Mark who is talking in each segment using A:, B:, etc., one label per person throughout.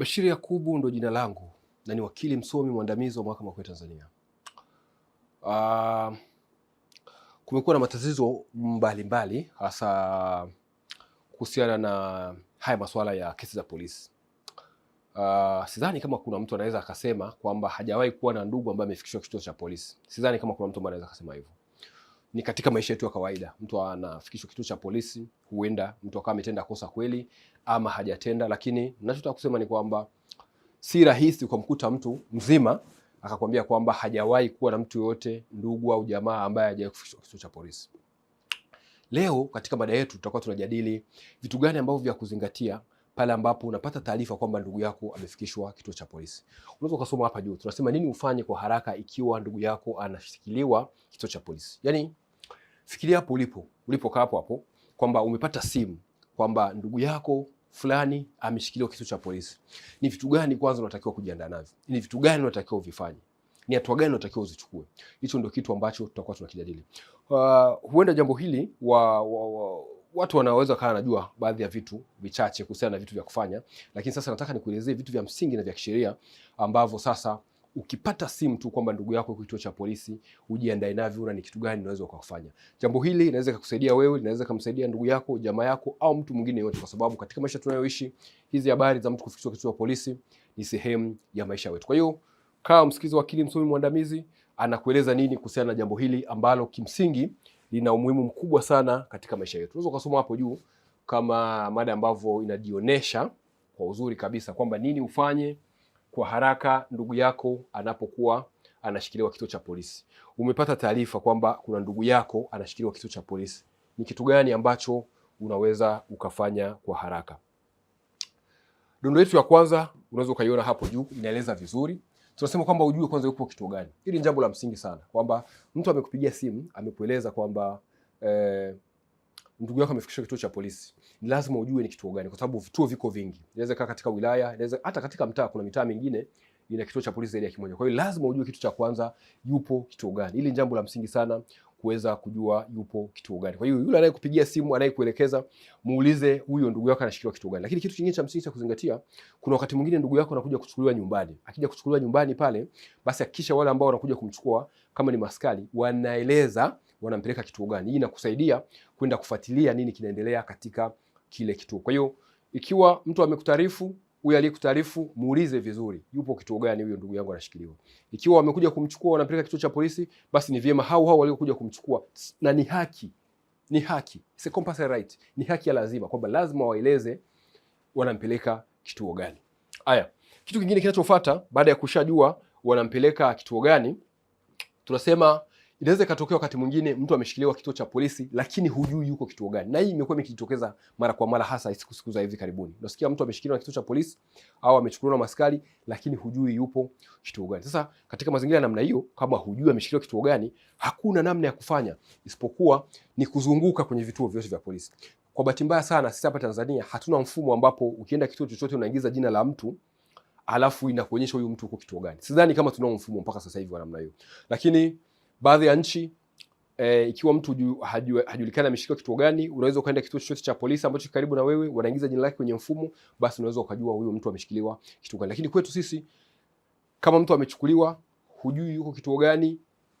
A: Bashiri Yakubu ndo jina langu na ni wakili msomi mwandamizi wa mahakama kuu ya Tanzania. Uh, kumekuwa na matatizo mbalimbali hasa kuhusiana na haya masuala ya kesi za polisi. Uh, sidhani kama kuna mtu anaweza akasema kwamba hajawahi kuwa na ndugu ambaye amefikishwa kituo cha polisi. Sidhani kama kuna mtu ambaye anaweza akasema hivyo. Ni katika maisha yetu ya kawaida, mtu anafikishwa kituo cha polisi, huenda mtu akawa ametenda kosa kweli, ama hajatenda, lakini nachotaka kusema ni kwamba si rahisi ukamkuta mtu mzima akakwambia kwamba hajawahi kuwa na mtu yoyote ndugu au jamaa ambaye hajawahi kufikishwa kituo cha polisi. Leo katika mada yetu tutakuwa tunajadili vitu gani ambavyo vya kuzingatia pale ambapo unapata taarifa kwamba ndugu yako amefikishwa kituo cha polisi. Unaweza ukasoma hapa juu, tunasema nini ufanye kwa haraka ikiwa ndugu yako anashikiliwa kituo cha polisi. Yani fikiria hapo ulipo ulipokaa hapo hapo kwamba umepata simu kwamba ndugu yako fulani ameshikiliwa kitu cha polisi, ni vitu gani kwanza unatakiwa kujiandaa navyo? Ni vitu gani unatakiwa uvifanye? Ni hatua gani unatakiwa uzichukue? Hicho ndio kitu ambacho tutakuwa tunakijadili. Uh, huenda jambo hili wa, wa, wa, watu wanaweza kaa najua baadhi ya vitu vichache kuhusiana na vitu vya kufanya, lakini sasa nataka nikuelezee vitu vya msingi na vya kisheria ambavyo sasa ukipata simu tu kwamba ndugu yako kituo cha polisi, ujiandae navyo na ni kitu gani unaweza ukafanya. Jambo hili linaweza kukusaidia wewe, linaweza kumsaidia ndugu yako, jamaa yako, au mtu mwingine yote, kwa sababu katika maisha tunayoishi hizi habari za mtu kufikishwa kituo cha polisi ni sehemu ya maisha yetu. Kwa hiyo kaa msikizi wakili msomi mwandamizi anakueleza nini kuhusiana na jambo hili ambalo kimsingi lina umuhimu mkubwa sana katika maisha yetu. Unaweza kusoma hapo juu kama mada ambavyo inajionesha kwa uzuri kabisa kwamba nini ufanye kwa haraka ndugu yako anapokuwa anashikiliwa kituo cha polisi. Umepata taarifa kwamba kuna ndugu yako anashikiliwa kituo cha polisi, ni kitu gani ambacho unaweza ukafanya kwa haraka? Dondo yetu ya kwanza unaweza ukaiona hapo juu, inaeleza vizuri. Tunasema kwamba ujue kwanza yupo kituo gani. Hili ni jambo la msingi sana, kwamba mtu amekupigia simu amekueleza kwamba eh, ndugu yako amefikishwa kituo cha polisi, ni lazima ujue ni kituo gani, kwa sababu vituo viko vingi. Inaweza kaa katika wilaya, inaweza hata katika mtaa. Kuna mitaa mingine ina kituo cha polisi zaidi ya kimoja. Kwa hiyo lazima ujue kitu cha kwanza, yupo kituo gani. Hili ni jambo la msingi sana kuweza kujua yupo kituo gani. Kwa hiyo yule anayekupigia simu, anayekuelekeza, muulize huyo ndugu yako anashikiwa kituo gani. Lakini kitu kingine cha msingi cha kuzingatia, kuna wakati mwingine ndugu yako anakuja kuchukuliwa nyumbani. Akija kuchukuliwa nyumbani pale, basi hakikisha wale ambao wanakuja kumchukua kama ni maskari wanaeleza wanampeleka kituo gani. Hii inakusaidia kwenda kufuatilia nini kinaendelea katika kile kituo. Kwa hiyo ikiwa mtu amekutaarifu, huyo aliyekutaarifu muulize vizuri, yupo kituo gani huyo ndugu yangu anashikiliwa. Ikiwa wamekuja kumchukua, wanampeleka kituo cha polisi, basi ni vyema hao hao waliokuja kumchukua, na ni haki, ni haki, si compulsory right, ni haki ya lazima kwamba lazima waeleze wanampeleka kituo gani. Haya, kitu kingine kinachofuata baada ya kushajua wanampeleka kituo gani, tunasema Inaweza ikatokea wakati mwingine mtu ameshikiliwa kituo cha polisi, lakini hujui yuko kituo gani, na hii imekuwa imejitokeza mara kwa mara, hasa siku siku za hivi karibuni. Unasikia mtu ameshikiliwa na kituo cha polisi au amechukuliwa na maskari, lakini hujui yupo kituo gani. Sasa katika mazingira ya namna hiyo, kama hujui ameshikiliwa kituo gani, hakuna namna ya kufanya isipokuwa ni kuzunguka kwenye vituo vyote vya polisi. Kwa bahati mbaya sana, sisi hapa Tanzania hatuna mfumo ambapo ukienda kituo chochote unaingiza jina la mtu alafu inakuonyesha huyu mtu uko kituo gani. Sidhani kama tunao mfumo mpaka sasa hivi wa namna hiyo, lakini baadhi ya nchi e, ikiwa mtu hajulikani ameshikiwa kituo gani, unaweza ukaenda kituo chochote cha polisi ambacho karibu na wewe, wanaingiza jina lake kwenye mfumo, basi unaweza ukajua huyo mtu ameshikiliwa kituo gani. Lakini kwetu sisi kama mtu amechukuliwa, hujui yuko kituo gani,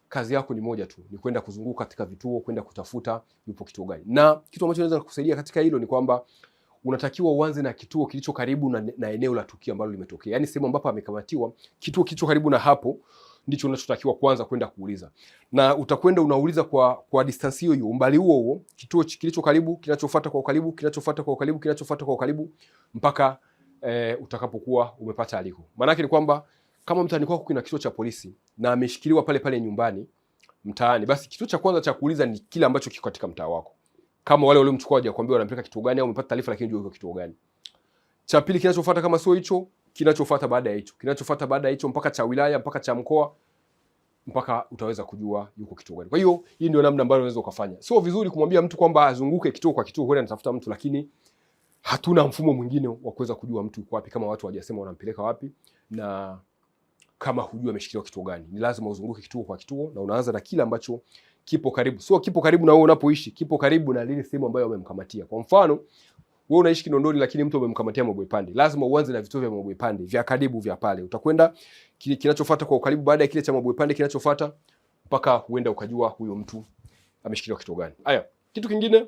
A: kazi yako ni moja tu, ni kwenda kuzunguka katika vituo, kwenda kutafuta yupo kituo gani. Na kitu ambacho naweza kukusaidia katika hilo ni kwamba unatakiwa uanze na kituo kilicho karibu na, na eneo la tukio ambalo limetokea, yaani sehemu ambapo amekamatiwa, kituo kilicho karibu na hapo ndicho unachotakiwa kwanza kwenda kuuliza, na utakwenda unauliza kwa kwa distance hiyo hiyo, umbali huo huo, kituo kilicho karibu, kinachofuata kwa ukaribu, kinachofuata kwa ukaribu, kinachofuata kwa ukaribu mpaka e, utakapokuwa umepata aliko. Maana yake ni kwamba kama mtaani kwako kuna kituo cha polisi na ameshikiliwa pale pale nyumbani mtaani, basi kituo cha kwanza cha kuuliza ni kile ambacho kiko katika mtaa wako, kama wale waliomchukua hawajakwambia wanampeleka kituo gani au umepata taarifa lakini hujui kituo gani. Cha pili kinachofuata kama sio hicho kinachofuata baada ya hicho, kinachofuata baada ya hicho mpaka cha wilaya mpaka cha mkoa mpaka utaweza kujua yuko kituo gani. Kwa hiyo hii ndio namna ambayo unaweza ukafanya. Sio vizuri kumwambia mtu kwamba azunguke kituo kwa kituo kwenda anatafuta mtu, lakini hatuna mfumo mwingine wa kuweza kujua mtu yuko wapi kama watu hawajasema wanampeleka wapi na kama hujui ameshikiliwa kituo gani. Ni lazima uzunguke kituo kwa kituo na unaanza na kile ambacho kipo karibu. Sio kipo karibu na wewe unapoishi, kipo karibu na lile sehemu ambayo wamemkamatia. Kwa mfano, wewe unaishi Kinondoni lakini mtu umemkamatia Mabwe Pande, lazima uanze na vituo vya Mabwe Pande vya karibu vya pale. Utakwenda kinachofuata kwa ukaribu, baada ya kile cha Mabwe Pande kinachofuata, mpaka huenda ukajua huyo mtu ameshikilia kitu gani. Haya, kitu kingine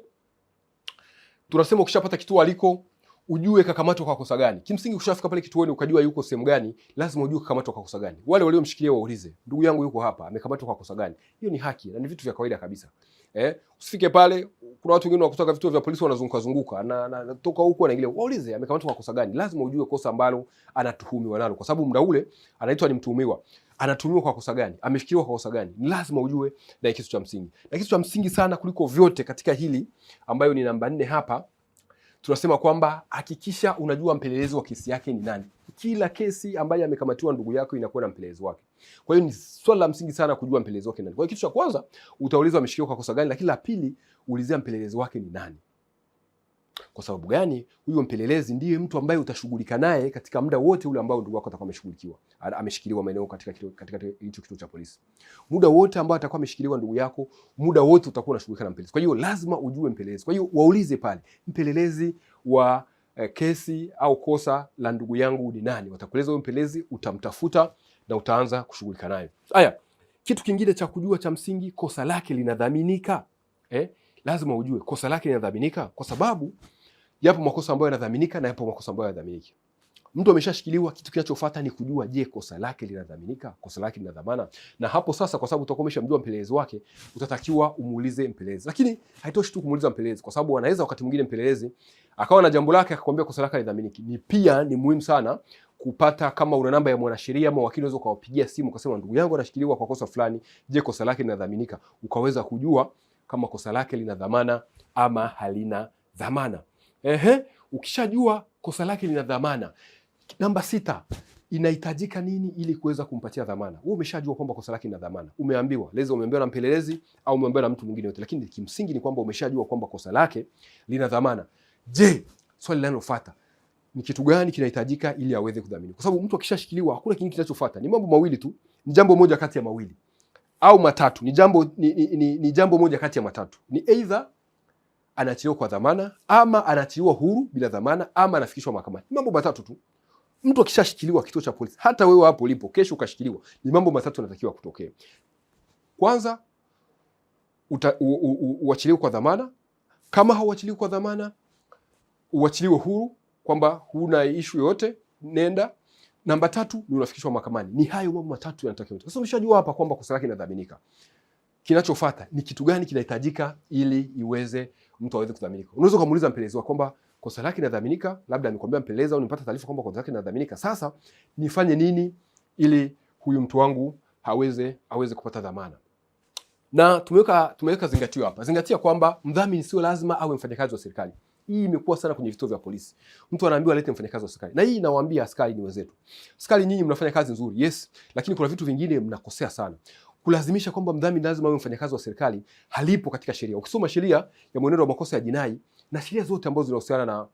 A: tunasema ukishapata kituo aliko ujue kakamatwa kwa kosa gani. Kimsingi ukishafika pale kituoni ukajua yuko sehemu gani, lazima ujue kakamatwa kwa kosa gani. Wale waliomshikilia waulize, ndugu yangu yuko hapa, amekamatwa kwa kosa gani? Hiyo ni haki na ni vitu vya kawaida kabisa. Eh, usifike pale kuna watu wengine wakutaka vituo vya polisi wanazunguka zunguka na natoka huku anaingilia, waulize amekamatwa kwa kosa gani. Lazima ujue kosa ambalo anatuhumiwa nalo, kwa sababu muda ule anaitwa ni mtuhumiwa, anatuhumiwa kwa kosa gani, amefikiriwa kwa kosa gani. Lazima ujue, na kitu cha msingi, na kitu cha msingi sana kuliko vyote katika hili ambayo ni namba nne hapa tunasema kwamba hakikisha unajua mpelelezi wa kesi yake ni nani. Kila kesi ambayo amekamatiwa ndugu yako inakuwa na mpelelezi wake. Kwa hiyo ni swali la msingi sana kujua mpelelezi wake nani. Kwa hiyo kitu cha kwanza utaulizwa ameshikiwa kwa kosa gani, lakini la pili ulizia mpelelezi wake ni nani. Kwa sababu gani? Huyo mpelelezi ndiye mtu ambaye utashughulika naye katika muda wote ule ambao ndugu yako atakuwa ameshughulikiwa, ameshikiliwa maeneo katika hicho katika hicho kituo cha polisi. Muda wote ambao atakuwa ameshikiliwa ndugu yako, muda wote utakuwa unashughulika na mpelelezi. Kwa hiyo lazima ujue mpelelezi. Kwa hiyo waulize pale, mpelelezi wa eh, kesi au kosa la ndugu yangu ni nani? Watakueleza huyo mpelelezi, utamtafuta na utaanza kushughulika nayo. Haya, kitu kingine cha kujua cha msingi, kosa lake linadhaminika eh? Lazima ujue kosa lake linadhaminika, kwa sababu yapo makosa ambayo yanadhaminika na yapo makosa ambayo yanadhaminiki. Mtu ameshashikiliwa, kitu kinachofuata ni kujua, je, kosa lake linadhaminika? Kosa lake lina dhamana? Na hapo sasa, kwa sababu utakuwa umeshamjua mpelelezi wake, utatakiwa umuulize mpelelezi. Lakini haitoshi tu kumuuliza mpelelezi, kwa sababu anaweza wakati mwingine mpelelezi akawa na jambo lake akakwambia kosa lake halidhaminiki. Ni pia ni muhimu sana kupata kama una namba ya mwanasheria ama wakili, unaweza ukawapigia simu ukasema, ndugu yangu anashikiliwa kwa kosa fulani, je, kosa lake linadhaminika? Ukaweza kujua kama kosa lake lina dhamana ama halina dhamana. Ehe, ukishajua kosa lake lina dhamana, namba sita inahitajika nini ili kuweza kumpatia dhamana? Wewe umeshajua kwamba kosa lake lina dhamana, umeambiwa leza, umeambiwa na mpelelezi au umeambiwa na mtu mwingine yote, lakini kimsingi ni kwamba umeshajua kwamba kosa lake lina dhamana. Je, swali linalofuata ni kitu gani kinahitajika ili aweze kudhamini, kwa sababu mtu akishashikiliwa hakuna kingine kinachofuata. Ni mambo mawili tu, ni jambo moja kati ya mawili au matatu, ni jambo, ni, ni, ni, ni jambo moja kati ya matatu, ni either anaachiliwa kwa dhamana ama anaachiliwa huru bila dhamana ama anafikishwa mahakamani. Mambo matatu tu. Mtu akishashikiliwa kituo cha polisi, hata wewe hapo ulipo kesho ukashikiliwa, ni mambo matatu yanatakiwa kutokea. Kwanza uachiliwe kwa dhamana, kama hauachiliwi kwa dhamana uachiliwe huru kwamba huna ishu yoyote, nenda. Namba tatu ni unafikishwa mahakamani. Ni hayo mambo matatu yanatakiwa. Sasa umeshajua hapa kwamba kosa lake linadhaminika, kinachofuata ni kitu gani kinahitajika ili iweze mtu aweze kudhaminika. Unaweza ukamuuliza mpelelezi wako kwamba kosa lake linadhaminika, labda nikwambia mpelelezi au nipata taarifa kwamba kosa lake linadhaminika, sasa nifanye nini ili huyu mtu wangu aweze aweze kupata dhamana? Na tumeweka tumeweka zingatio hapa, zingatia kwamba mdhamini sio lazima awe mfanyakazi wa serikali. Hii imekuwa sana kwenye vituo vya polisi, mtu anaambiwa alete mfanyakazi wa serikali, na hii nawaambia askari ni wenzetu, askari nyinyi mnafanya kazi nzuri, yes, lakini kuna vitu vingine mnakosea sana. Kulazimisha kwamba mdhamini lazima awe mfanyakazi wa serikali halipo katika sheria. Ukisoma sheria ya mwenendo wa makosa ya jinai na sheria zote ambazo zinahusiana na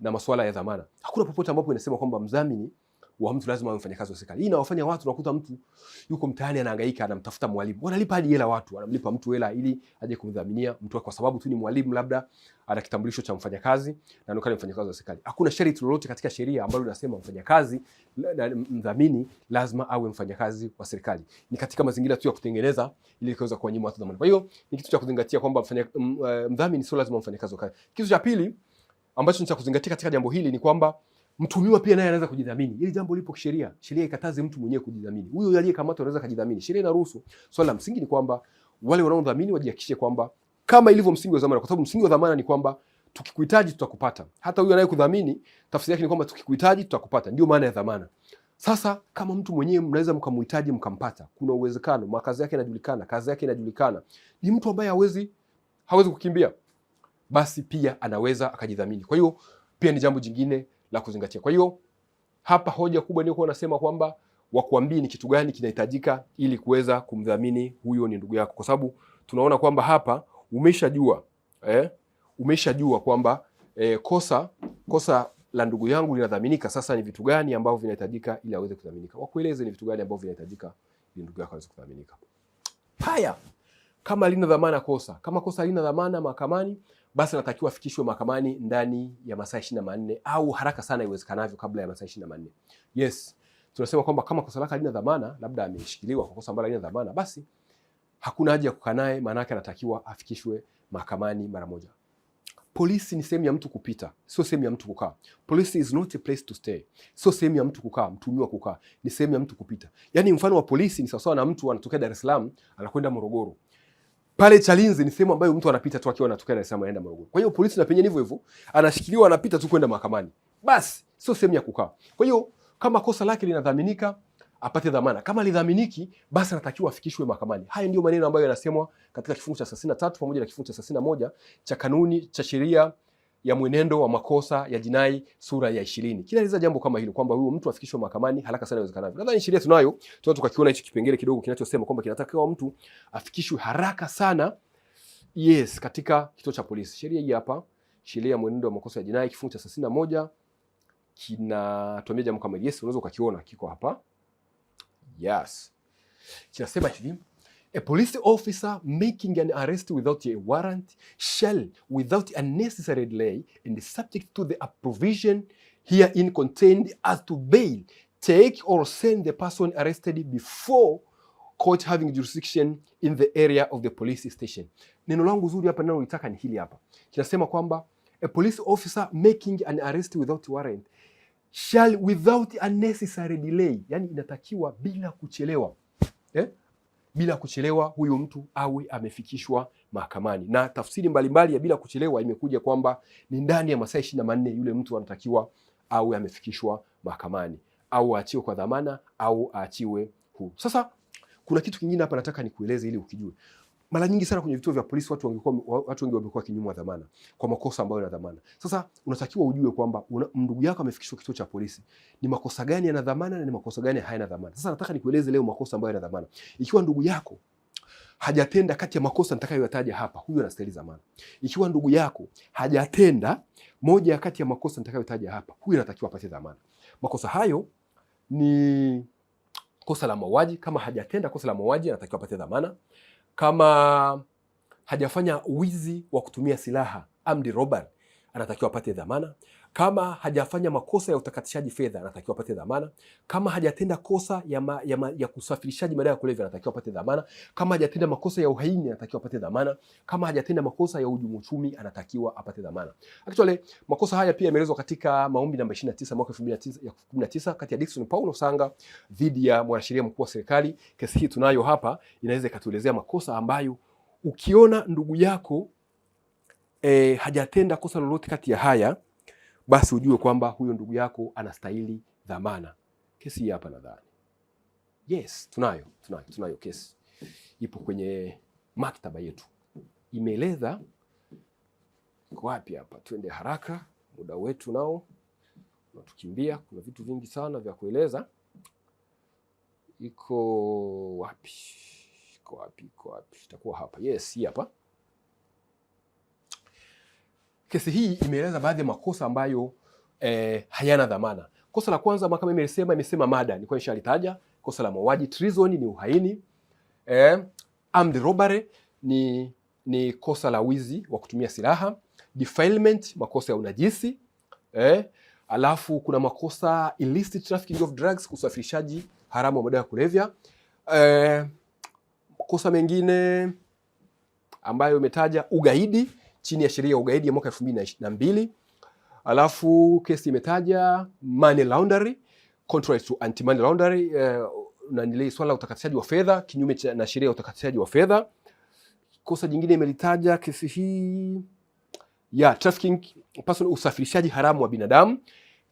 A: na masuala ya dhamana, hakuna popote ambapo inasema kwamba mdhamini wa mtu lazima awe mfanyakazi wa serikali. Hii inawafanya watu, unakuta mtu yuko mtaani anahangaika, anamtafuta mwalimu, wanalipa hadi hela watu, wanamlipa mtu hela ili aje kumdhaminia mtu wake, kwa sababu tu ni mwalimu, labda ana kitambulisho cha mfanyakazi na anaonekana mfanyakazi wa serikali. Hakuna sharti lolote katika sheria ambalo linasema mfanyakazi na mdhamini lazima awe mfanyakazi wa serikali. Ni katika mazingira tu ya kutengeneza ili ikaweza kuwanyima watu dhamana. Kwa hiyo ni kitu cha kuzingatia kwamba eh, mdhamini sio lazima mfanyakazi wa serikali. Kitu cha pili ambacho ni cha kuzingatia katika jambo hili ni kwamba mtumiwa pia naye anaweza kujidhamini. Ili jambo lipo kisheria, sheria ikataze mtu mwenyewe kujidhamini. Huyo aliyekamatwa anaweza kujidhamini, sheria inaruhusu. Swali la msingi ni kwamba wale wanaodhamini wajihakikishe kwamba kama ilivyo msingi wa dhamana, kwa sababu msingi wa dhamana ni kwamba tukikuhitaji tutakupata. Hata huyo anayekudhamini tafsiri yake ni kwamba tukikuhitaji tutakupata, ndio maana ya dhamana. Sasa kama mtu mwenyewe mnaweza mkamhitaji mkampata, kuna uwezekano makazi yake yanajulikana, kazi yake inajulikana, ni mtu ambaye hawezi hawezi kukimbia, basi pia anaweza akajidhamini. Kwa hiyo pia ni jambo jingine la kuzingatia. Kwa hiyo hapa hoja kubwa nilikuwa nasema kwamba wakuambie ni kitu gani kinahitajika ili kuweza kumdhamini huyo ni ndugu yako, kwa sababu tunaona kwamba hapa umeshajua eh, umeshajua kwamba eh, kosa kosa la ndugu yangu linadhaminika. Sasa ni vitu gani ambavyo vinahitajika ili aweze kudhaminika? Wakueleze ni vitu gani ambavyo vinahitajika ili ndugu yako aweze kudhaminika. Haya, kama lina dhamana kosa, kama kosa lina dhamana mahakamani basi anatakiwa afikishwe mahakamani ndani ya masaa ishirini na manne au haraka sana iwezekanavyo kabla ya masaa ishirini na manne. Yes, tunasema kwamba kama kosa lake halina dhamana, labda ameshikiliwa kwa kosa ambalo halina dhamana, basi hakuna haja ya kukaa naye, maana yake anatakiwa afikishwe mahakamani mara moja. Polisi ni sehemu ya mtu kupita, sio sehemu ya mtu kukaa. Polisi is not a place to stay, sio sehemu ya mtu kukaa, mtumiwa kukaa, ni sehemu ya mtu kupita. Yaani mfano wa polisi ni sawasawa na mtu anatokea Dar es Salaam anakwenda Morogoro pale Chalinze ni sehemu ambayo mtu anapita tu akiwa anatokea Dar es Salaam anaenda Morogoro. Kwa hiyo polisi na penye hivyo hivyo anashikiliwa anapita tu kwenda mahakamani. Basi sio sehemu ya kukaa. Kwa hiyo kama kosa lake linadhaminika apate dhamana. Kama lidhaminiki basi anatakiwa afikishwe mahakamani. Haya ndiyo maneno ambayo yanasemwa katika kifungu cha 33 pamoja na kifungu cha 61 cha kanuni cha sheria ya mwenendo wa makosa ya jinai sura ya ishirini kinaeleza jambo kama hilo kwamba huyo mtu afikishwe mahakamani haraka sana iwezekanavyo. Nadhani sheria tunayo, tunaweza tukakiona hicho kipengele kidogo kinachosema kwamba kinatakiwa mtu afikishwe haraka sana, yes, katika kituo cha polisi. Sheria hii hapa, sheria ya mwenendo wa makosa ya jinai kifungu cha thelathini na moja kinatuambia jambo kama yes, unaweza ukakiona kiko hapa, yes, kinasema hivi A police officer making an arrest without a warrant shall, without unnecessary delay and subject to the provision herein contained as to bail, take or send the person arrested before court having jurisdiction in the area of the police station. Neno langu zuri hapa ninalolitaka ni hili hapa, kinasema kwamba a police officer making an arrest without warrant shall without unnecessary delay, yani inatakiwa bila kuchelewa eh? bila kuchelewa huyu mtu awe amefikishwa mahakamani. Na tafsiri mbalimbali ya bila kuchelewa imekuja kwamba ni ndani ya masaa ishirini na manne yule mtu anatakiwa awe amefikishwa mahakamani au aachiwe kwa dhamana au aachiwe huru. Sasa kuna kitu kingine hapa nataka nikueleze ili ukijue mara nyingi sana kwenye vituo vya polisi watu wangekuwa watu wengi wamekuwa kinyume dhamana kwa makosa ambayo yana dhamana. Sasa unatakiwa ujue kwamba ndugu yako amefikishwa kituo cha polisi, ni makosa gani yana dhamana na ni makosa gani hayana dhamana. Sasa nataka nikueleze leo makosa ambayo yana dhamana. Ikiwa ndugu yako hajatenda kati ya makosa nitakayoyataja hapa, huyu anastahili dhamana. Ikiwa ndugu yako hajatenda moja kati ya makosa nitakayotaja hapa, huyo anatakiwa apate dhamana. Makosa hayo ni kosa la mauaji. Kama hajatenda kosa la mauaji, anatakiwa apate dhamana kama hajafanya wizi wa kutumia silaha amdi robbery, anatakiwa apate dhamana. Kama hajafanya makosa ya utakatishaji fedha, anatakiwa apate dhamana. Kama hajatenda kosa ya, ma, ya, ma, ya kusafirishaji madawa ya kulevya, anatakiwa apate dhamana. Kama hajatenda makosa ya uhaini, anatakiwa apate dhamana. Kama hajatenda makosa ya uhujumu uchumi, anatakiwa apate dhamana. Actually, makosa haya pia yameelezwa katika maombi namba 29 mwaka 2019 kati ya Dickson Paulo Sanga dhidi ya mwanasheria mkuu wa serikali. Kesi hii tunayo hapa, inaweza ikatuelezea makosa ambayo ukiona ndugu yako eh, hajatenda kosa lolote kati ya haya basi ujue kwamba huyo ndugu yako anastahili dhamana. Kesi hii hapa nadhani, yes, tunayo tunayo tunayo kesi, ipo kwenye maktaba yetu, imeeleza iko wapi. Hapa twende haraka, muda wetu nao unatukimbia. Kuna vitu vingi sana vya kueleza. Iko wapi? Iko wapi? Iko wapi? Itakuwa hapa, yes, hii hapa kesi hii imeeleza baadhi ya makosa ambayo eh, hayana dhamana. Kosa la kwanza mahakama imesema imesema mada ni nilikuwa nishalitaja, kosa la mauaji treason ni uhaini, eh, armed robbery ni ni kosa la wizi wa kutumia silaha, defilement makosa ya unajisi eh, alafu kuna makosa illicit trafficking of drugs, kusafirishaji haramu wa madawa ya kulevya eh, kosa mengine ambayo imetaja ugaidi chini ya sheria ya ugaidi ya mwaka elfu mbili na mbili. Alafu kesi imetaja money laundering, contrary to anti money laundering eh, na uh, swala la utakatishaji wa fedha kinyume na sheria ya utakatishaji wa fedha. Kosa jingine imelitaja kesi hii ya trafficking person, usafirishaji haramu wa binadamu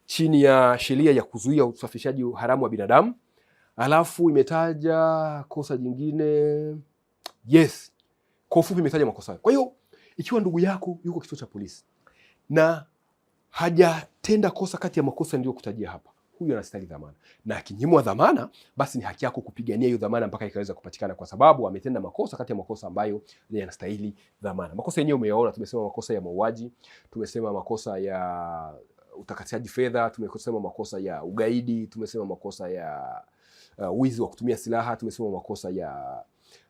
A: chini ya sheria ya kuzuia usafirishaji haramu wa binadamu. Alafu imetaja kosa jingine yes, kwa ufupi imetaja makosa. Kwa hiyo ikiwa ndugu yako yuko kituo cha polisi na hajatenda kosa kati ya makosa niliyokutajia hapa, huyu anastahili dhamana, na akinyimwa dhamana, basi ni haki yako kupigania hiyo dhamana mpaka ikaweza kupatikana, kwa sababu ametenda makosa kati ya makosa ambayo yanastahili dhamana. Makosa yenyewe umeyaona, tumesema makosa ya mauaji, tumesema makosa ya utakatishaji fedha, tumesema makosa ya ugaidi, tumesema makosa ya uh, wizi wa kutumia silaha, tumesema makosa ya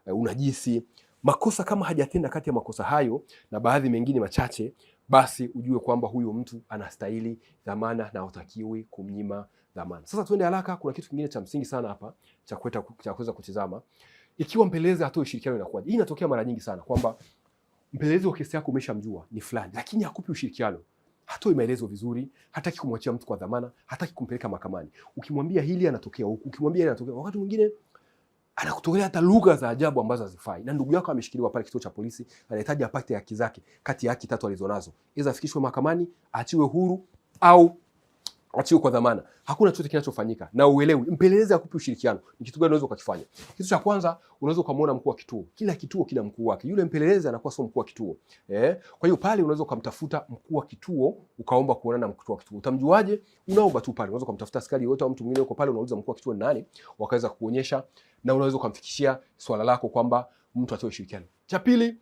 A: uh, unajisi Makosa kama hajatenda kati ya makosa hayo na baadhi mengine machache, basi ujue kwamba huyo mtu anastahili dhamana na hautakiwi kumnyima dhamana. Sasa tuende haraka, kuna kitu kingine cha msingi sana hapa cha kuweza kutizama. Ikiwa mpelelezi hatoi ushirikiano inakuwaje? Hii inatokea mara nyingi sana kwamba mpelelezi wa kesi yako umeshamjua ni fulani, lakini hakupi ushirikiano, hatoi maelezo vizuri, hataki kumwachia mtu kwa dhamana, hataki kumpeleka mahakamani. Ukimwambia hili anatokea huku, ukimwambia hili anatokea. Wakati mwingine anakutolea hata lugha za ajabu ambazo hazifai, na ndugu yako ameshikiliwa pale kituo cha polisi, anahitaji apate haki zake kati ya haki tatu alizonazo, iza afikishwe mahakamani, aachiwe huru au achiwe kwa dhamana, hakuna chochote kinachofanyika na uelewi, mpelelezi akupi ushirikiano, ni kitu gani unaweza ukakifanya. Kitu cha kwanza, unaweza ukamwona mkuu wa kituo. Kila kituo kina mkuu wake, yule mpelelezi anakuwa sio mkuu wa kituo eh. Kwa hiyo pale unaweza ukamtafuta mkuu wa kituo ukaomba kuonana na mkuu wa kituo. Utamjuaje? Unaomba tu pale, unaweza ukamtafuta askari yote au mtu mwingine uko pale, unauliza mkuu wa kituo ni nani, wakaweza kukuonyesha na unaweza ukamfikishia swala lako kwamba mtu atoe ushirikiano. Cha pili,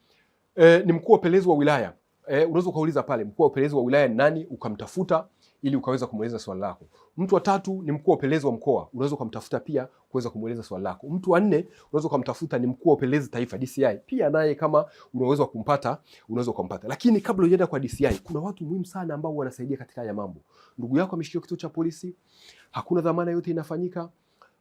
A: eh, ni mkuu wa upelelezi wa wilaya eh, unaweza ukauliza pale mkuu wa upelelezi wa wilaya ni nani, ukamtafuta ili ukaweza kumweleza swali lako. Mtu wa tatu ni mkuu wa upelelezi wa mkoa, unaweza ukamtafuta pia kuweza kumweleza swali lako. Mtu wa nne unaweza ukamtafuta ni mkuu wa upelelezi taifa DCI, pia naye kama unaweza kumpata, unaweza kumpata. Lakini kabla hujaenda kwa DCI, kuna watu muhimu sana ambao wanasaidia katika haya mambo. Ndugu yako ameshikiwa kituo cha polisi, hakuna dhamana yote inafanyika,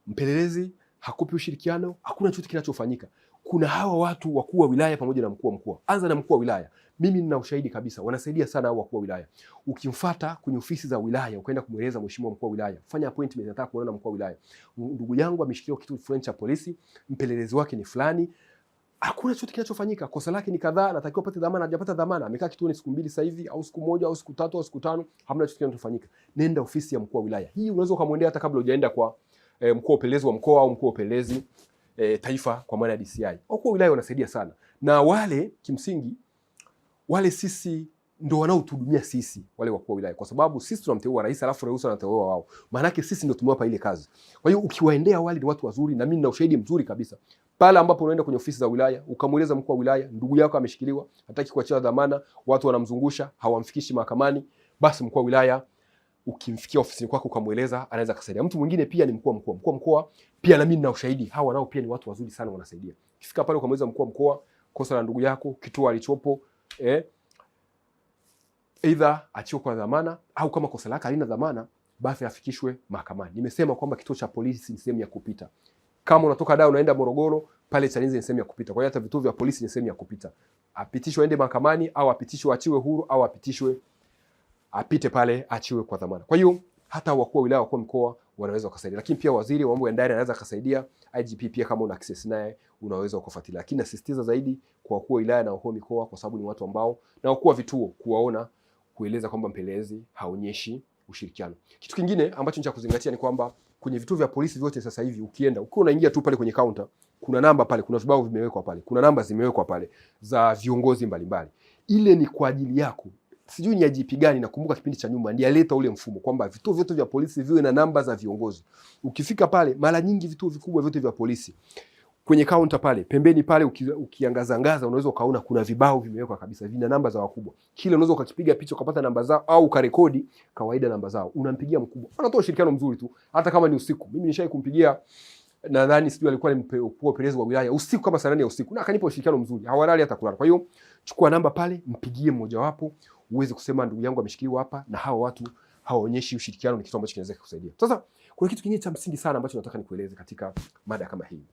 A: mpelelezi hakupi ushirikiano, hakuna chochote kinachofanyika kuna hawa watu wakuu wa wilaya pamoja na mkuu wa mkoa. Anza na mkuu wa wilaya, mimi nina ushahidi kabisa, wanasaidia sana hao wakuu wa wilaya. Ukimfuata kwenye ofisi za wilaya ukaenda kumweleza mheshimiwa mkuu wa wilaya, fanya appointment, nataka kuona mkuu wa wilaya, ndugu yangu ameshikiliwa kitu fulani cha polisi, mpelelezi wake ni fulani hakuna chochote kinachofanyika, kosa lake ni kadhaa, natakiwa apate dhamana, hajapata dhamana, amekaa kituoni siku mbili sasa hivi, au siku moja au siku tatu au siku tano, hamna chochote kinachofanyika. Nenda ofisi ya mkuu wa wilaya. Hii unaweza ukamwendea hata kabla hujaenda kwa e, mkuu wa upelelezi wa mkoa au mkuu wa upelelezi e, taifa kwa maana ya DCI. Wakuu wa wilaya wanasaidia sana, na wale kimsingi wale sisi ndo wanaotuhudumia sisi wale wakuu wa wilaya, kwa sababu sisi tunamteua rais, alafu rais anateua wao, maana yake sisi ndo tumewapa ile kazi. Kwa hiyo ukiwaendea wale ni watu wazuri, na mimi nina ushahidi mzuri kabisa pale ambapo unaenda kwenye ofisi za wilaya ukamweleza mkuu wa wilaya, ndugu yako ameshikiliwa, hataki kuachiwa dhamana, watu wanamzungusha, hawamfikishi mahakamani, basi mkuu wa wilaya ukimfikia ofisini kwako ukamweleza, anaweza kusaidia. Mtu mwingine pia ni mkuu mkoa, mkuu mkoa pia, na mimi nina ushahidi, hawa nao pia ni watu wazuri sana, wanasaidia. Ukifika pale ukamweleza mkuu mkoa kosa la ndugu yako, kituo alichopo, eh, aidha achiwe kwa dhamana au kama kosa lake halina dhamana, basi afikishwe mahakamani. Nimesema kwamba kituo cha polisi ni sehemu ya kupita. Kama unatoka Dar unaenda Morogoro, pale Chalinze ni sehemu ya kupita. Kwa hiyo hata vituo vya polisi ni sehemu ya kupita. Apitishwe aende mahakamani au apitishwe achiwe huru au apitishwe apite pale achiwe kwa dhamana. Kwa hiyo hata wakuu wa wilaya, wakuu wa mkoa wanaweza kusaidia, lakini pia waziri wa mambo ya ndani anaweza kusaidia. IGP pia kama una access naye unaweza ukafuatilia, lakini nasisitiza zaidi kwa wakuu wa wilaya na wakuu wa mikoa, kwa sababu ni watu ambao na wakuu wa vituo kuwaona, kueleza kwamba mpelelezi haonyeshi ushirikiano. Kitu kingine ambacho ni cha kuzingatia ni kwamba kwenye vituo vya polisi vyote sasa hivi ukienda, ukiwa unaingia tu pale kwenye kaunta, kuna namba pale, kuna vibao vimewekwa pale, kuna namba zimewekwa pale za viongozi mbalimbali. Ile ni kwa ajili yako sijui ni IGP gani, nakumbuka kipindi cha nyuma ndialeta ule mfumo kwamba vituo vyote vya polisi viwe na namba za viongozi. Ukifika pale, mara nyingi vituo vikubwa vyote vya polisi kwenye kaunta pale pembeni pale, uki, ukiangazangaza unaweza ukaona kuna vibao vimewekwa kabisa, vina namba za wakubwa. Kile unaweza ukakipiga picha ukapata namba zao, au ukarekodi kawaida namba zao, unampigia mkubwa. Anatoa ushirikiano mzuri tu, hata kama ni usiku. Mimi nishai kumpigia nadhani sijui alikuwa ni mkuu wa upelelezi wa wilaya usiku kama saa nane ya usiku, na akanipa ushirikiano mzuri, hawalali hata kulala. Kwa hiyo chukua namba pale, mpigie mmojawapo uweze kusema ndugu yangu ameshikiliwa hapa na hawa watu hawaonyeshi ushirikiano, ni kitu ambacho kinaweza kukusaidia. Sasa kuna kitu kingine cha msingi sana ambacho nataka nikueleze katika mada kama hii.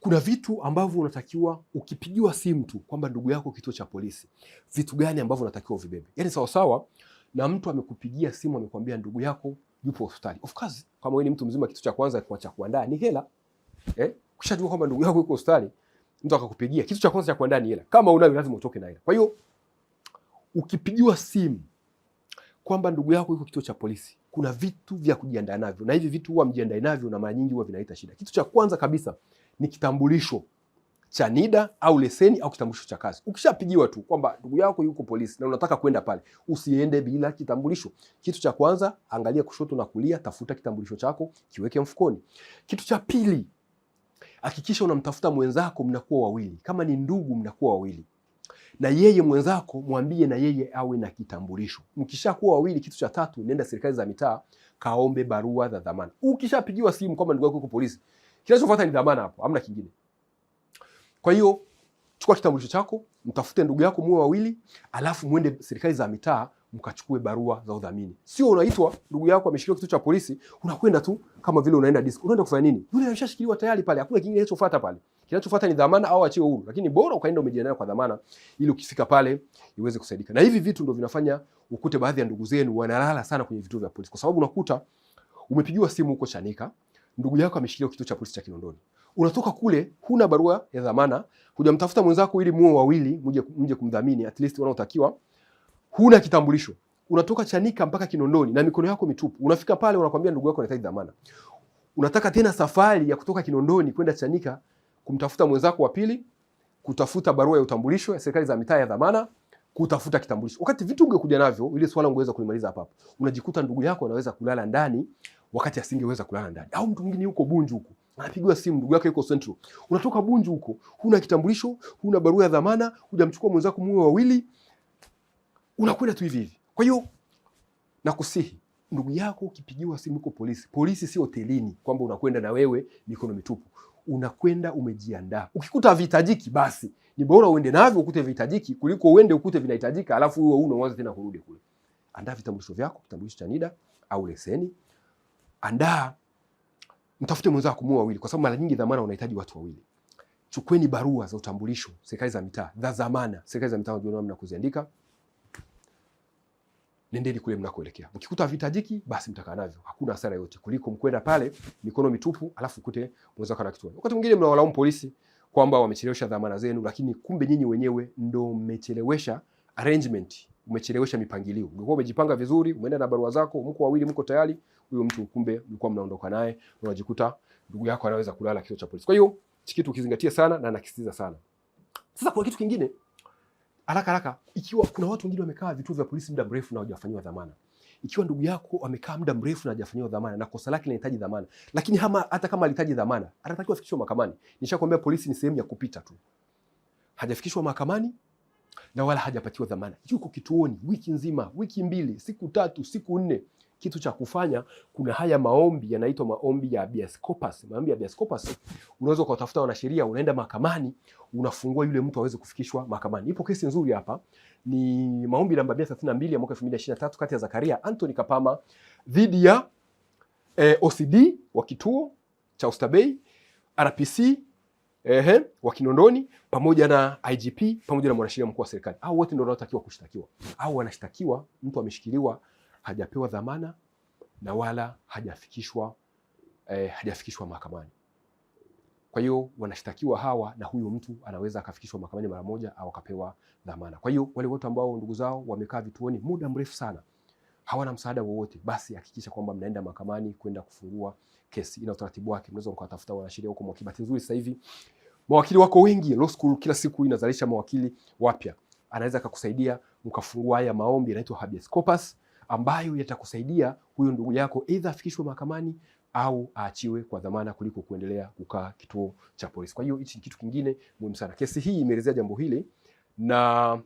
A: Kuna vitu ambavyo unatakiwa ukipigiwa simu tu kwamba ndugu yako kituo cha polisi, vitu gani ambavyo unatakiwa uvibebe? Yani sawa sawa na mtu amekupigia simu amekwambia ndugu yako yupo hospitali. Of course, kama wewe ni mtu mzima, kitu cha kwanza kwa cha kuandaa ni hela eh, kushajua kwamba ndugu yako yuko hospitali mtu akakupigia, kitu cha kwanza cha kuandaa ni hela. Kama unayo lazima utoke na hela. Kwa hiyo ukipigiwa simu kwamba ndugu yako yuko kituo cha polisi, kuna vitu vya kujiandaa navyo, na hivi vitu huwa mjiandae navyo, na mara nyingi huwa vinaleta shida. Kitu cha kwanza kabisa ni kitambulisho cha NIDA au leseni au kitambulisho cha kazi. Ukishapigiwa tu kwamba ndugu yako yuko polisi na unataka kwenda pale, usiende bila kitambulisho. Kitu cha kwanza, angalia kushoto na kulia, tafuta kitambulisho chako, kiweke mfukoni. Kitu cha pili hakikisha unamtafuta mwenzako, mnakuwa wawili. Kama ni ndugu, mnakuwa wawili na yeye mwenzako mwambie na yeye awe na kitambulisho. Mkishakuwa wawili, kitu cha tatu, nenda serikali za mitaa, kaombe barua za dhamana. Ukishapigiwa simu kwamba ndugu yako yuko polisi, kinachofuata ni dhamana, hapo hamna kingine. Kwa hiyo chukua kitambulisho chako, mtafute ndugu yako, muwe wawili, alafu mwende serikali za mitaa mkachukue barua za udhamini. Sio unaitwa ndugu yako ameshikiliwa kitu cha polisi, unakwenda tu kama vile unaenda disk. Unaenda kufanya nini? Yule ameshashikiliwa tayari pale, hakuna kingine kinachofuata pale. Kinachofuata ni dhamana au achiwe huru, lakini bora ukaenda umejiandaa nayo kwa dhamana, ili ukifika pale iweze kusaidika. Na hivi vitu ndio vinafanya ukute baadhi ya ndugu zenu wanalala sana kwenye vituo vya polisi, kwa sababu unakuta umepigiwa simu huko Chanika, ndugu yako ameshikiliwa kituo cha polisi cha Kinondoni unatoka kule huna barua ya dhamana, hujamtafuta mwenzako ili muwe wawili mje kumdhamini, at least wanaotakiwa huna kitambulisho, unatoka Chanika mpaka Kinondoni na mikono yako mitupu. Unafika pale unakwambia ndugu yako anahitaji dhamana, unataka tena safari ya kutoka Kinondoni kwenda Chanika kumtafuta mwenzako wa pili, kutafuta barua ya utambulisho ya serikali za mitaa ya dhamana, kutafuta kitambulisho, wakati vitu ungekuja navyo, ile swala ungeweza kulimaliza hapa. hapa. Unajikuta ndugu yako anaweza kulala ndani wakati asingeweza kulala ndani, au mtu mwingine yuko Bunju huko anapigiwa simu, ndugu yake yuko Central. Unatoka Bunju huko, huna kitambulisho, huna barua ya dhamana, hujamchukua mwenzako muwe wawili unakwenda tu hivi hivi. Kwa hiyo nakusihi ndugu yako ukipigiwa simu uko polisi, polisi si hotelini kwamba unakwenda na wewe mikono mitupu, unakwenda umejiandaa. Ukikuta havihitajiki basi ni bora uende navyo ukute vihitajiki kuliko uende ukute vinahitajika alafu wewe una unaanza tena kurudi kule. Andaa vitambulisho vyako, kitambulisho cha NIDA au leseni. Andaa, mtafute mwenzako mmoja wawili, kwa sababu mara nyingi dhamana unahitaji watu wawili. Chukweni barua za utambulisho serikali za mitaa, za dhamana serikali za mitaa, unajua namna kuziandika nendeni kule mnakoelekea. Mkikuta vitajiki basi mtakaa navyo, hakuna hasara yote kuliko mkwenda pale mikono mitupu, alafu kute mwenzako na kitu. Wakati mwingine mnawalaumu polisi kwamba wamechelewesha dhamana zenu, lakini kumbe nyinyi wenyewe ndo mmechelewesha arrangement, umechelewesha mipangilio. Ungekuwa umejipanga vizuri, umeenda na barua zako, mko wawili, mko tayari, huyo mtu kumbe mlikuwa mnaondoka naye, unajikuta ndugu yako anaweza kulala kituo cha polisi. Kwa hiyo kitu ukizingatia sana na nakisitiza sana. Sasa kuna kitu kingine haraka haraka, ikiwa kuna watu wengine wamekaa vituo vya polisi muda mrefu na hawajafanyiwa dhamana, ikiwa ndugu yako amekaa muda mrefu na hajafanyiwa dhamana na kosa lake linahitaji dhamana, lakini hama, hata kama alihitaji dhamana anatakiwa afikishwe mahakamani. Nishakwambia polisi ni sehemu ya kupita tu, hajafikishwa mahakamani na wala hajapatiwa dhamana, yuko kituoni wiki nzima, wiki mbili, siku tatu, siku nne kitu cha kufanya, kuna haya maombi yanaitwa maombi ya habeas corpus. Maombi ya habeas corpus, unaweza ukatafuta wanasheria, unaenda mahakamani, unafungua yule mtu aweze kufikishwa mahakamani. Ipo kesi nzuri hapa, ni maombi namba 132 ya mwaka 2023 kati ya Zakaria Anthony Kapama dhidi ya eh, OCD wa kituo cha Oysterbay, RPC eh, wa Kinondoni pamoja na IGP pamoja na mwanasheria mkuu wa serikali. Hao wote ndio wanatakiwa kushtakiwa au wanashtakiwa, mtu ameshikiliwa hajapewa dhamana na wala hajafikishwa eh, hajafikishwa mahakamani. Kwa hiyo wanashtakiwa hawa na huyu mtu anaweza akafikishwa mahakamani mara moja au akapewa dhamana. Kwa hiyo wale wote ambao ndugu zao wamekaa vituoni muda mrefu sana hawana msaada wowote, basi hakikisha kwamba mnaenda mahakamani kwenda kufungua kesi. Ina utaratibu wake, mnaweza mkatafuta wanasheria huko Mwakili. Bahati nzuri sasa hivi mawakili wako wengi, law school kila siku inazalisha mawakili wapya, anaweza akakusaidia mkafungua haya maombi, yanaitwa habeas corpus ambayo yatakusaidia huyo ndugu yako aidha afikishwe mahakamani au aachiwe kwa dhamana kuliko kuendelea kukaa kituo cha polisi. Kwa hiyo hichi ni kitu kingine muhimu sana. Kesi hii imeelezea jambo hili na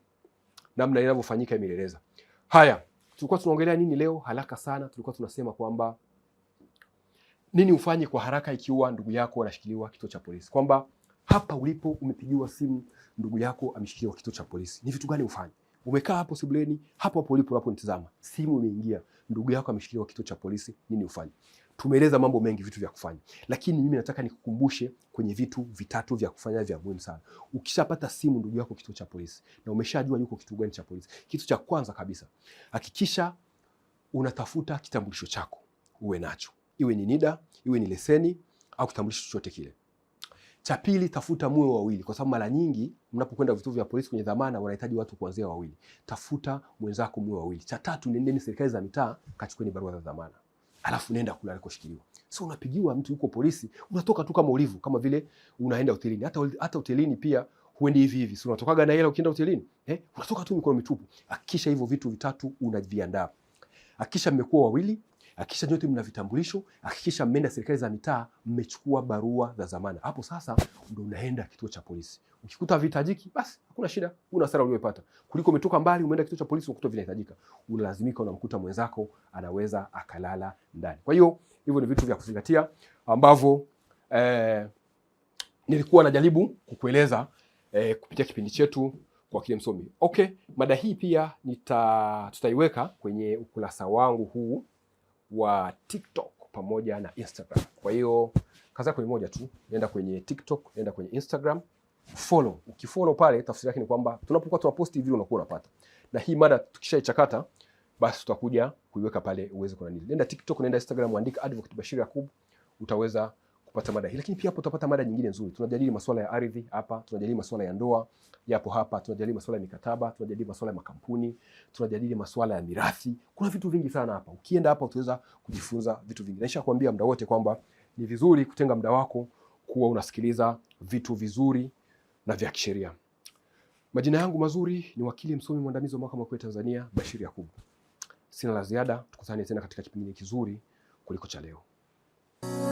A: namna inavyofanyika imeeleza. Haya, tulikuwa tunaongelea nini leo? Haraka sana, tulikuwa tunasema kwamba nini ufanye kwa haraka ikiwa ndugu yako anashikiliwa kituo cha polisi, kwamba hapa ulipo umepigiwa simu, ndugu yako ameshikiliwa kituo cha polisi, ni vitu gani ufanye? Umekaa hapo sebuleni, hapo hapo ulipo unaponitazama, simu imeingia, ndugu yako ameshikiliwa kituo cha polisi, nini ufanye? Tumeeleza mambo mengi, vitu vya kufanya, lakini mimi nataka nikukumbushe kwenye vitu vitatu vya kufanya vya muhimu sana. Ukishapata simu ndugu yako kituo cha polisi na umeshajua yuko kituo gani cha polisi, kitu cha kwanza kabisa hakikisha unatafuta kitambulisho chako uwe nacho, iwe ni NIDA, iwe ni leseni au kitambulisho chochote kile. Cha pili, tafuta muwe wawili, kwa sababu mara nyingi mnapokwenda vituo vya polisi kwenye dhamana wanahitaji watu kuanzia wawili. Tafuta mwenzako muwe wawili. Cha tatu, nendeni serikali za mitaa, kachukueni barua za dhamana, alafu nenda kule alikoshikiliwa. Sio unapigiwa mtu yuko polisi, unatoka tu kama ulivu, kama vile unaenda hotelini. Hata hata hotelini pia huendi hivi hivi, sio unatokaga na hela ukienda hotelini eh? Unatoka tu mikono mitupu. Hakikisha hivyo vitu vitatu unaviandaa. Hakikisha mmekuwa wawili, Hakikisha nyote mna vitambulisho, hakikisha mmeenda serikali za mitaa, mmechukua barua za zamana. Hapo sasa ndo unaenda kituo cha polisi. Ukikuta vitajiki, basi hakuna shida, huna hasara uliyopata. Kuliko umetoka mbali umeenda kituo cha polisi ukuta vinahitajika, unalazimika, unamkuta mwenzako anaweza akalala ndani. Kwa hiyo hivyo ni vitu vya kuzingatia ambavyo eh, nilikuwa najaribu kukueleza eh, kupitia kipindi chetu kwa kile msomi. Okay, mada hii pia nita tutaiweka kwenye ukurasa wangu huu wa TikTok pamoja na Instagram. Kwa hiyo kaza kwenye moja tu, nenda kwenye TikTok, nenda kwenye Instagram, follow. Ukifollow pale tafsiri yake ni kwamba tunapokuwa tunaposti hivi unakuwa unapata. Na hii mada tukishaichakata basi tutakuja kuiweka pale uweze nini. Nenda TikTok, nenda Instagram, andika Advocate Bashir Yakub utaweza kupata mada hii, lakini pia hapo utapata mada nyingine nzuri. Tunajadili masuala ya ardhi hapa, tunajadili masuala ya ndoa yapo hapa, tunajadili masuala ya mikataba, tunajadili masuala ya makampuni, tunajadili masuala ya mirathi. Kuna vitu vingi sana hapa. Ukienda hapa utaweza kujifunza vitu vingi. Naisha kuambia muda wote kwamba ni vizuri kutenga muda wako kuwa unasikiliza vitu vizuri na vya kisheria. Majina yangu mazuri ni wakili msomi mwandamizi wa mahakama kuu ya Tanzania Bashiri Yakubu. Sina la ziada, tukutane tena katika kipindi kizuri kuliko cha leo.